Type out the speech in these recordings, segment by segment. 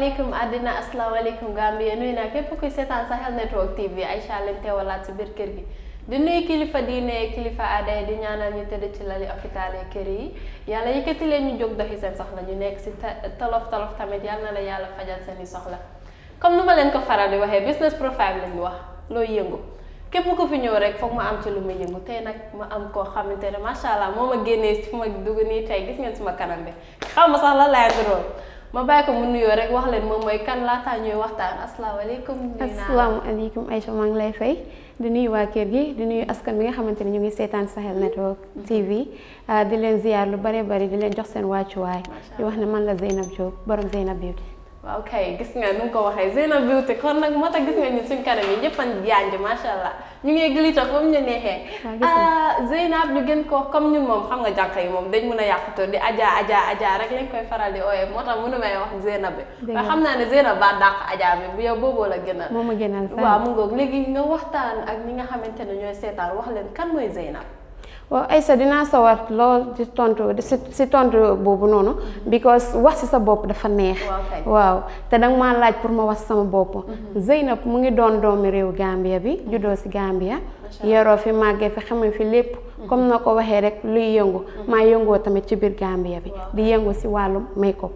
asalaamaaleykum àddina asalaamaaleykum Gambia nuyu naa képp kuy seetaan Sahel Network TV Aïcha lañ teewalaat si biir kër gi di nuyu kilifa diine kilifa aada di ñaanal ñu tëdd ci lali hôpital yi kër yi yàlla yëkkati leen ñu jóg doxi seen soxla ñu nekk si tolof tolof tamit yàlla na la yàlla fajal seen i soxla comme nu ma leen ko faral di waxee business profile lañu wax looy yëngu képp ko fi ñëw rek foog ma am ci lu ma yëngu tey nag ma am koo xamante ne macha allah moo ma génnee fu ma dugg tey gis ngeen suma kanam ma bàyyi ko mu nuyoo rek wax leen moom mooy kan laataa ñuy waxtaan asalaamaaleykum. asalaamaaleykum Aïcha maa ngi lay fay di nuyu waa kër gi di nuyu askan bi nga xamante ni ñu ngi seetaan Sahel Network mhm. TV ah, di leen ziar lu bare bari di leen jox seen wàccuwaay. di wax ne man la Zeynab Diop borom Zeynab Beauty. waaw kay gis nga nu ko waxee Zeynab Beauty kon nag moo tax gis nga ñun suñ kanam yi ñëpp a yanj macha allah. ñu ngi glitter comme ñu neexee. Ah, Zeynab ñu gën koo comme ñun moom xam nga jànq yi moom dañ mun a yàqutoo di aja aja aja rek lañ koy faral di ooyee moo tax mënu may wax Zeynab bi. waaye xam naa ne Zeynab baa dàq aja bi bu yow booboo la gënal. moom a gënal sax waaw mu ngoog léegi nga waxtaan ak ñi nga xamante ne ñooy seetaan wax leen kan mooy Zeynab. waaw Aïssa dinaa sawar lool ci tontu si tontu boobu noonu because wax si sa bopp dafa neex waaw te danga ma laaj pour ma wax sama bopp mm-hmm. Zeynab mu ngi doon doomi réew Gambia bi mm-hmm. juddoo si Gambia yaroo fi màggee fi xamee fi lépp mm-hmm. comme na ko waxee rek luy yëngu maa yëngoo tamit ci biir Gambia bi di yëngu si wàllum make-up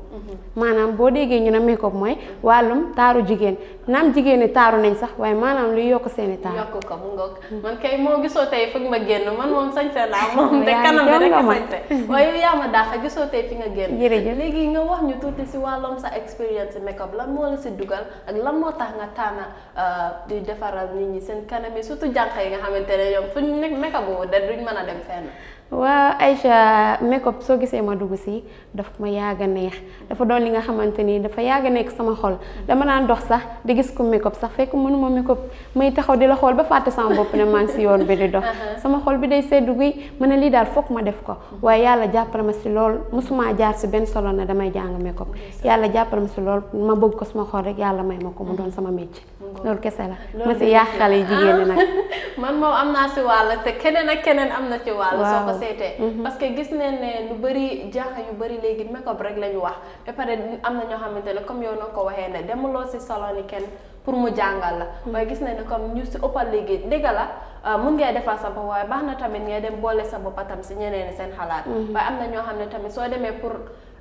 maanaam boo déggee ñu ne make-up mooy wàllum taaru jigéen naam jigéen ñi taaru nañ sax waaye maanaam luy yokk seeni taaru. yokk ko mu ngoog man kay moo gisoo tey foog ma génn man moom sañse laa moom. te kanam bi rek sañse waaye yow yaa ma daax gisoo tey fi nga génn. léegi nga wax ñu tuuti si wàllum sa expérience make-up lan moo la si dugal ak lan moo tax nga tànna euh, di defaral nit ñi seen kanam yi surtout jànq yi nga xamante ne ñoom fu ñu nekk make-up da duñ mën a dem fenn. waaw Aïcha make-up soo gisee ma dugg si daf ma yàgg a neex dafa doon li nga xamante ni dafa yàgg nekk sama xol dama naan dox sax di gis ko make-up sax fekk mënuma make-up may taxaw di la xool ba fàtte sama bopp ne maa si yoon bi di dox uh-huh. sama xol bi day sedd guy ma ne lii daal foog ma def ko waaye yàlla jàppale ma si lool mosuma jaar si benn solo na damay jàng make-up yàlla jàppale ma si lool ma bëgg ko sama xol rek yàlla may ma ko mu mm-hmm. doon sama métier loolu kese la ma si yàqale jigéen nag man moom am naa si wàll te keneen na ci ko seetee mm-hmm. parce que gis nañ ne lu bëri jaaxa yu bëri léegi make-up rek la ñu wax ba pare am na ñoo xamante ne comme yow noo ko waxee ne demuloo si salon yi kenn pour mu jàngal la mm-hmm. waaye gis nañ ne comme ñu si ëppal léegi dégg la ah, mun ngay defar sa bopp waaye baax na tamit ngay dem boole sa bopp tam si ñeneen seen xalaat mm-hmm. waaye am na ñoo xam ne tamit soo demee pour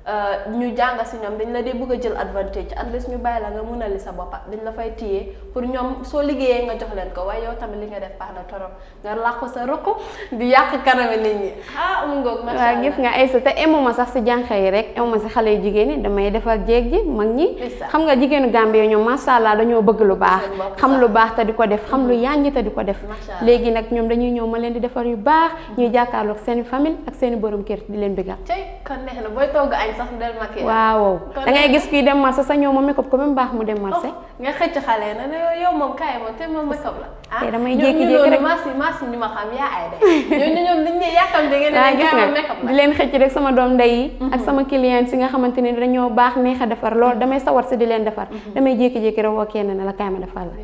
Eh, ñu jàng si ñoom dañ la dee bëgg a jël advantage at least ñu bàyyi la nga munali sa boppa dañ la fay téye pour ñoom soo liggéeyee nga jox leen ko waaye yow tamit li nga def baax na torop nga làqu sa ruq di yàq kanami nit ñi ah mu ngoog allah gis nga ay sa te ma sax si jànq yi rek emuma si xale yu jigéen ñi damay defar jéeg ji mag ñi xam nga jigéenu Gambie ñoom macha allah dañoo bëgg lu baax xam lu baax te di ko def xam lu mm-hmm. yànj te di ko def léegi nag ñoom dañuy ñëw ma leen di defar yu baax ñuy mm-hmm. jàkkaarloog seen famille ak seen borom kër di leen bëggal sax del maquillage waaw da ngay gis kuy dem marché sa ñëw ma make up ko même baax mu dem oh, marché. nga xëcc xale na ne yow moom kaay moom te moom make up la. te ah, eh, damay jékki-jékki rek marché marché ma xam yaa ay de. da ngeen ne ah, leen xëcc rek sama doom ndey yi. Mhm. ak sama client si nga xamante ne dañoo baax neex a defar loolu mhm. damay sawar si di leen defar. Mhm. damay jékki-jékki rek woo kenn ne la kaay ma defar la.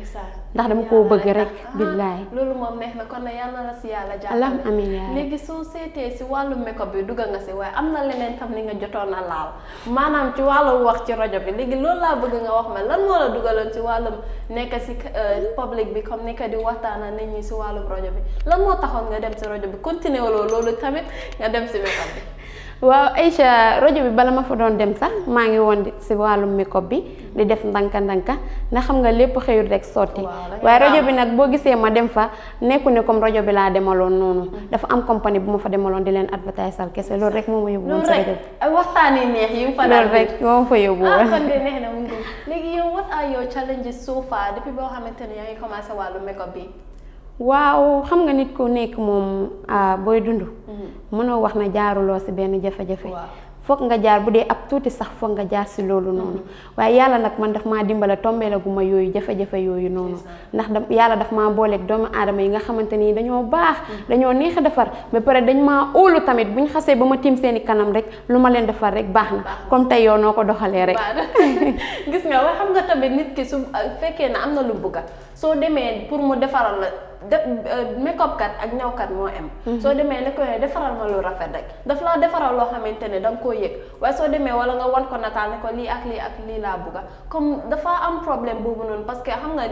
ndax dama koo bëgg rek. billaay ah, loolu moom neex na kon yal na si yàlla jàppale. amiin yaa léegi soo seetee si wàllu meko bi dugg nga si waaye am na leneen tam ni nga jotoon a laal maanaam ci wàllu wax ci rajo bi léegi loolu laa bëgg nga wax ma lan moo la dugaloon si wàllum nekk si euh, public bi comme ni ko di waxtaana nit ñi si wàllu rajo bi lan moo taxoon nga dem si rajo bi continué loolu tamit nga dem si makeup bi. waaw Aïcha rajo bi bala ma fa doon dem sax maa ngi woon si wàllu make-up bi di def ndanka-ndanka ndax xam nga lépp xëyul rek sotti waaye rajo bi nag boo gisee ma dem fa nekku ne comme rajo bi laa demaloon noonu mm-hmm. dafa am compagnie bu ma fa demaloon di leen advertise al kese loolu rek moo ma yóbbu woon si rajo bi waxtaan yi neex yi fa loolu rek moo ma ah, léegi yow what are your challenges so depuis boo xamante ne yaa ngi commencé wàllu make-up bi waaw xam nga nit ku nekk moom booy dund. Mm-hmm. mënoo wax na jaaruloo si benn jafe-jafe. foog nga jaar bu dee ab tuuti sax foog nga jaar si loolu mm-hmm. noonu. waaye yàlla nag man daf maa dimbale tombé la ma yooyu jafe-jafe yooyu noonu. ndax da yàlla daf maa booleeg doomu aadama yi nga xamante ni dañoo baax. Mm-hmm. dañoo neex a defar ba pare dañ maa óolu tamit bu ñu xasee ba ma tiim seen i kanam rek lu ma leen defar rek baax na comme tey yow noo ko doxalee rek. gis xam nga tamit nit su fekkee na am na lu bëgg soo demee pour mu defaral la de euh, make-up kat ak ñawkat moo am. Mhm. soo demee ne ko defaral ma lu rafet rek dafa laa defaral loo xamante ne da nga koo yëg waaye soo demee wala nga wan ko nataal ne ko lii ak lii ak lii laa bugga comme dafa am problème boobu noonu parce que xam nga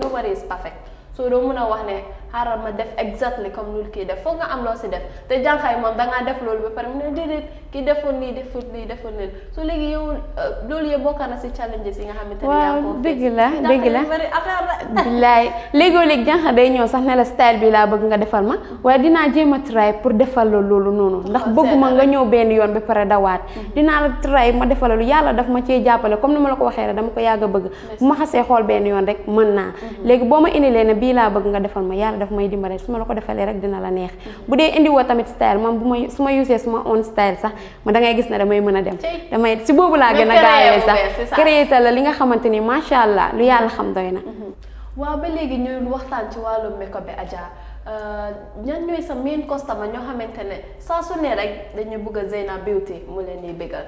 nobody is perfect soo doo mun a wax ne. xaaral ma def exactly comme loolu ki def fo nga am lo ci def te mom da nga def loolu ba pare mu ne déedéet kii defoon nii defut ni defoon ni so léegi yow euh, loolu ye bokk na si challenges yi nga xamante tan ya ko deug la deug la billahi léegoo léegi jankay day ñew sax ne la style bi la bëgg nga defal ma way dina jema try pour defal la loolu noonu ndax bëgguma nga ñew ben yoon ba pare dawaat mhm. dina la try ma defal la lu yàlla daf ma ci jàppale comme ni la ko waxee rek dama ko yaga bëgg bu ma xasse xol ben yoon rek mën na mhm. léegi boo ma indilee ne bii bëgg nga defal ma yalla daf may di su suma lako ko rek dina la neex budé indi wo tamit style man buma suma su suma own style sax ma da ngay gis ne damay mën dem damay si bobu la gëna gaayé gaawee sax créé la li nga xamante ma sha allah lu yalla xam doyna mm-hmm. wa ba légui ñu waxtaan ci walu make-up bi euh, ñan ñoy sa main customer ño xamante sa su ne rek dañu bëgg Beauty mu leen ni bëggal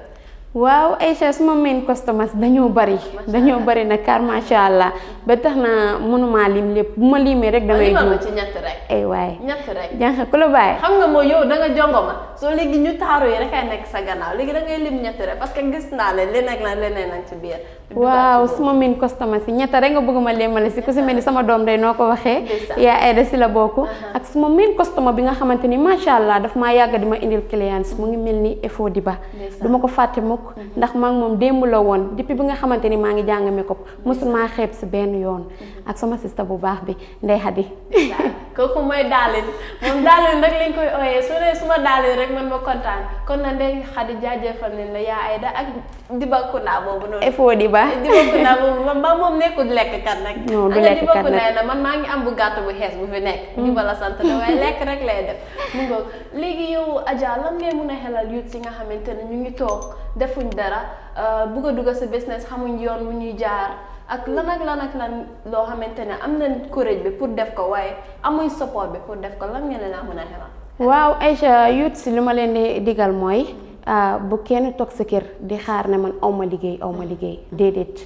waaw eh, Aïcha suma main customers dañoo bari dañoo bari nag car macha allah ba tax na mënuma lim lépp bu eh? eh, ma limee rek damay juum ci ñett rek ay waay ñett rek jànq ku la bàyyi xam nga moo yow da nga ma soo léegi ñu taaru yi rek ay nekk sa gannaaw léegi da ngay lim ñett rek parce que gis naa ne leneen ak leneen ak ci biir waaw suma main customers yi ñett rek nga bëgg ma limale si ku si mel ni sama doom day noo ko waxee yaa Aïda si la bokk ak suma main customer bi nga xamante ni macha allah daf maa yàgg di ma indil clients mu ngi mel ni Efo Diba duma ko fàtte mukk ndax maa mom moom démb la woon depuis bi nga xamanteni ma ngi jàng makeup musuma xeb ci ben yoon ak sama sister bu baax bi Ndey hadi kooku mooy daalin moom daalin rek lañ koy ooyee su ne su ma daalin rek man ma kontaan kon na Ndeye Khady jaajëfal nañ la yaa Aida ak Dibakunda boobu noonu. effo Diba Dibakunda boobu man ba moom nekkul lekk kat nag. non du lekk kat na man maa ngi am bu gàtt bu xees bu fi nekk. ñu mm. bala sant la waaye lekk rek lay def mu ngoog léegi yow Adja lan ngay mun a xelal youth si nga xamante ne ñu ngi toog defuñ dara euh, bugg a dugg sa business xamuñ yoon wu ñuy jaar. ak lan ak lan ak lan loo xamante ne am na courage bi pour def ko waaye amuñ support bi pour def ko lan ngeen la mën a xelal. waaw Aïcha youth si li ma leen di digal mooy ah, bu kenn toog sa kër di xaar ne man aw ma liggéey aw ma liggéey mm-hmm. déedéet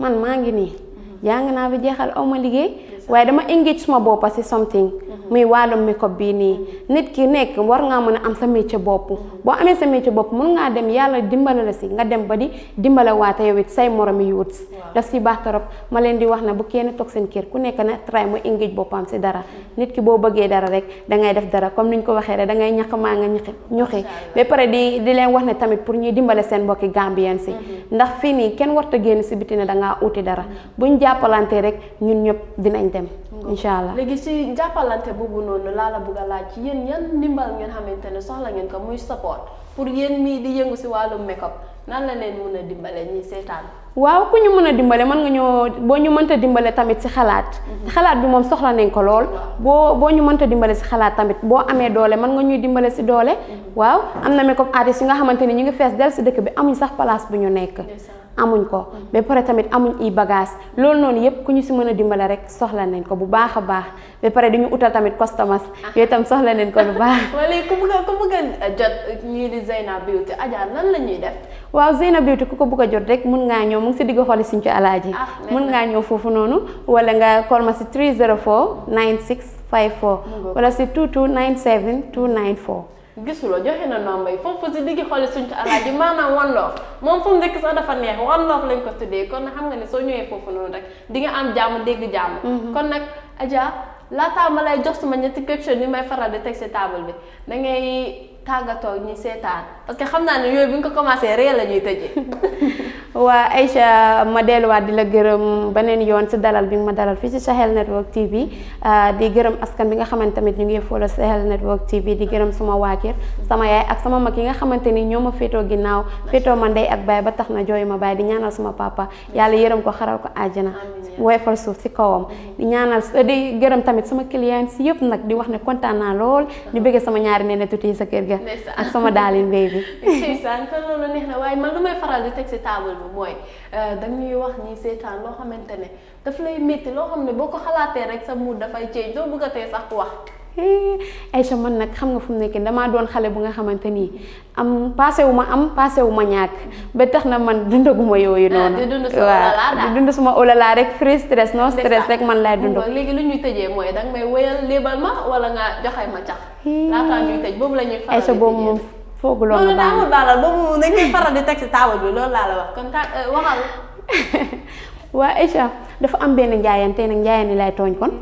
man maa ngi nii mm-hmm. jàng naa bi jeexal ma liggéey waaye dama engage suma bopasi ci something mhm. muy walum makeup bi ni mhm. nit ki nek war nga mën am sa métier bop mhm. bo amé sa métier bop mën nga dem yalla dimbalal si nga dem ba di dimbalal waate yow say moromi yuut daf ci bax torop ma len di wax na bu kene tok sen kër ku nek na try mu engage bopam ci dara nit ki bo bëggé dara rek dangay def dara comme niñ ko waxé rek dangay ñak ma nga ñuqi paré di di len wax né tamit pour ñuy dimbalal sen mbokk gambien si ndax fini warta génn ci bitina da nga uti dara buñ jappalanté rek ñun ñëp dinañ dem. incha allah léegi si jàppalante boobu noonu laa la bëgg a laaj ci yéen yan ndimbal ngeen xamante ne soxla ngeen ko muy support pour yéen mii di yëngu si wàllu make up nan la leen mën a dimbalee ñuy seetaan. waaw ku ñu mën a dimbale mën nga ñoo boo ñu mënta dimbale tamit si xalaat mhm. xalaat bi moom soxla nañ ko lool boo boo ñu mënta dimbale si xalaat tamit boo amee doole mën nga ñuy dimbale si doole mhm. waaw am na makeup artiste yi nga xamante ni ñu ngi fees del si dëkk bi amuñ sax place bu ñu nekk amuñ ko mhm. ba pare tamit amuñ i bagage loolu noonu yëpp ku ñu si mën a dimbale rek soxla nañ ko bu baax a baax ba pare dañu utal tamit customers yooyu tam soxla nañ ko bu a ku bëgg a jot ñii di Zeyna Beauty Adja lan la ñuy def. waaw Zeyna Beauty ku ko bëgg jot rek mun ngaa ñëw ñëw mu ngi si digg xooli suñ ci alaaji mun ngaa ñëw foofu noonu wala nga call ma si 304 96 54 wala si 22 97 294 gisuloo joxe na nomba yi foofu si digg xooli suñ ci alaaji maanaam one love moom fu mu nekk sax dafa neex one love lañ ko tuddee kon xam nga ne soo ñëwee foofu noonu rek di nga am jàmm dégg jàmm mhm. kon nag Adja laataa ma lay jox ma ñetti question ni may faral di teg si taabal bi da tàggatoo ñu seetaan parce que xam naa ne yooyu bu ñu ko commencé ree la ñuy tëjee. waa Aïcha ma delluwaat di la gërëm beneen yoon si dalal bi nga ma dalal fii ci Sahel Network TV ah, di gërëm askan bi nga xamante tamit ñu ngi follow Sahel Network TV di gërëm suma waa kër sama yaay ak sama mag yi nga xamante ni ñoo ma féetoo ginnaaw féetoo ma ndey ak baay ba tax na jooyu ma baay di ñaanal suma papa yàlla yërëm ko xaral ko àjjana. fa suuf si kawam di ñaanal di gërëm tamit sama si yëpp nag di wax ne kontaan naa lool ñu bëggee sama ñaari nene tuuti yi sa kër ga ak sama daalin béy bi ndeysaan kon loolu neex na waaye man lu may faral di teg si table bi mooy euh, ñuy wax ni seetaan loo xamante ne daf lay métti loo xam ne boo ko xalaatee rek sa muur dafay ceej doo bëggatee sax wax Aïcha man nag xam nga fu mu nekk damaa doon xale bu nga xamante ni am passé wu ma am passé wu ma ñàkk ba tax na man dundaguma yooyu ah, noonu. waaw di dund suma olala rek free stress non rek man laay dund. léegi lu ñuy tëjee mooy danga may wéyal lébal ma wala nga joxe ma cax. laataa boobu la ñuy moom foogu loolu loolu di teg si taabal bi loolu laa la wax kon ka euh, waa Aïcha dafa am benn njaayante nag njaayante laay tooñ kon.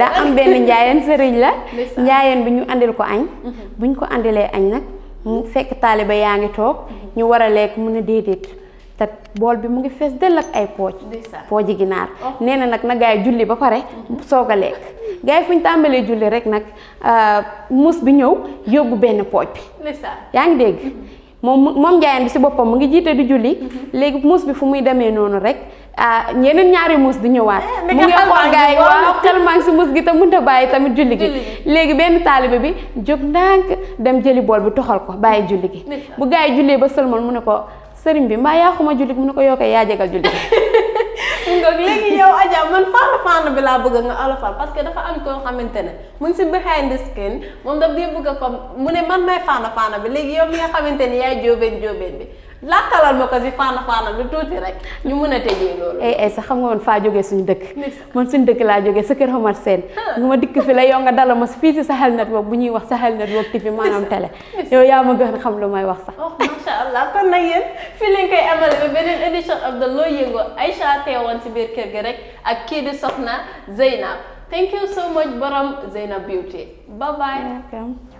daa am benn njaayeen sëriñ la njaayeen bi ñu andil ko añ mhm. buñ ko andilee añ nag mu fekk taaliba yaa ngi toog mhm. ñu war a lekk mun a déedéet te bool bi mu ngi fees dell ak ay pooj pooji ginaar oh. nee na nag na gaa yi julli ba pare mhm. soog a lekk gaa yi fu ñu tàmbalee julli rek nag euh, muus bi ñëw yóbbu benn pooj bi yaa ngi dégg moom moom njaayeen bi si boppam mu ngi jiite di julli léegi muus bi fu muy demee noonu rek ah ñeneen ñaari muus di ñëwaat. Eh, mu ngi xool xel maa si muus gi te mënut a bàyyi tamit julli gi. léegi benn taalibe bi jóg ndànk dem jëli bool bi toxal ko bàyyi julli gi. bu gaa yi jullee ba sëlmal mu ne ko sëriñ bi mbaa yaa xuma julli gi mu ne ko yoo yaa jegal julli gi. donc bi laa bëgg nga olofal parce que dafa am koo xamante ne mu si behind the screen moom daf mu ne man may fànn fànn bi léegi yow mi nga xamante ne yaay jóobeen jóobeen bi làkkalal ma ko si faana faana lu tuuti rek ñu mën a tëjee loolu. ay eh, ay eh, sax xam nga woon faa jógee suñu dëkk. man suñu dëkk laa jóge sa kër Omar Sène. bu ah. ma dikk fi la yow nga dala ma fii si Sahel Network bu ñuy wax Sahel Network TV maanaam télé. yow yaa ma gën xam lu may wax sax. oh macha allah kon nag yéen fii lañ koy amale ba beneen édition of the Loo Yëngu Aïcha teewoon si biir kër gi rek ak kii di Soxna Zeynab thank you so much borom Zeynab Beauty bye bye.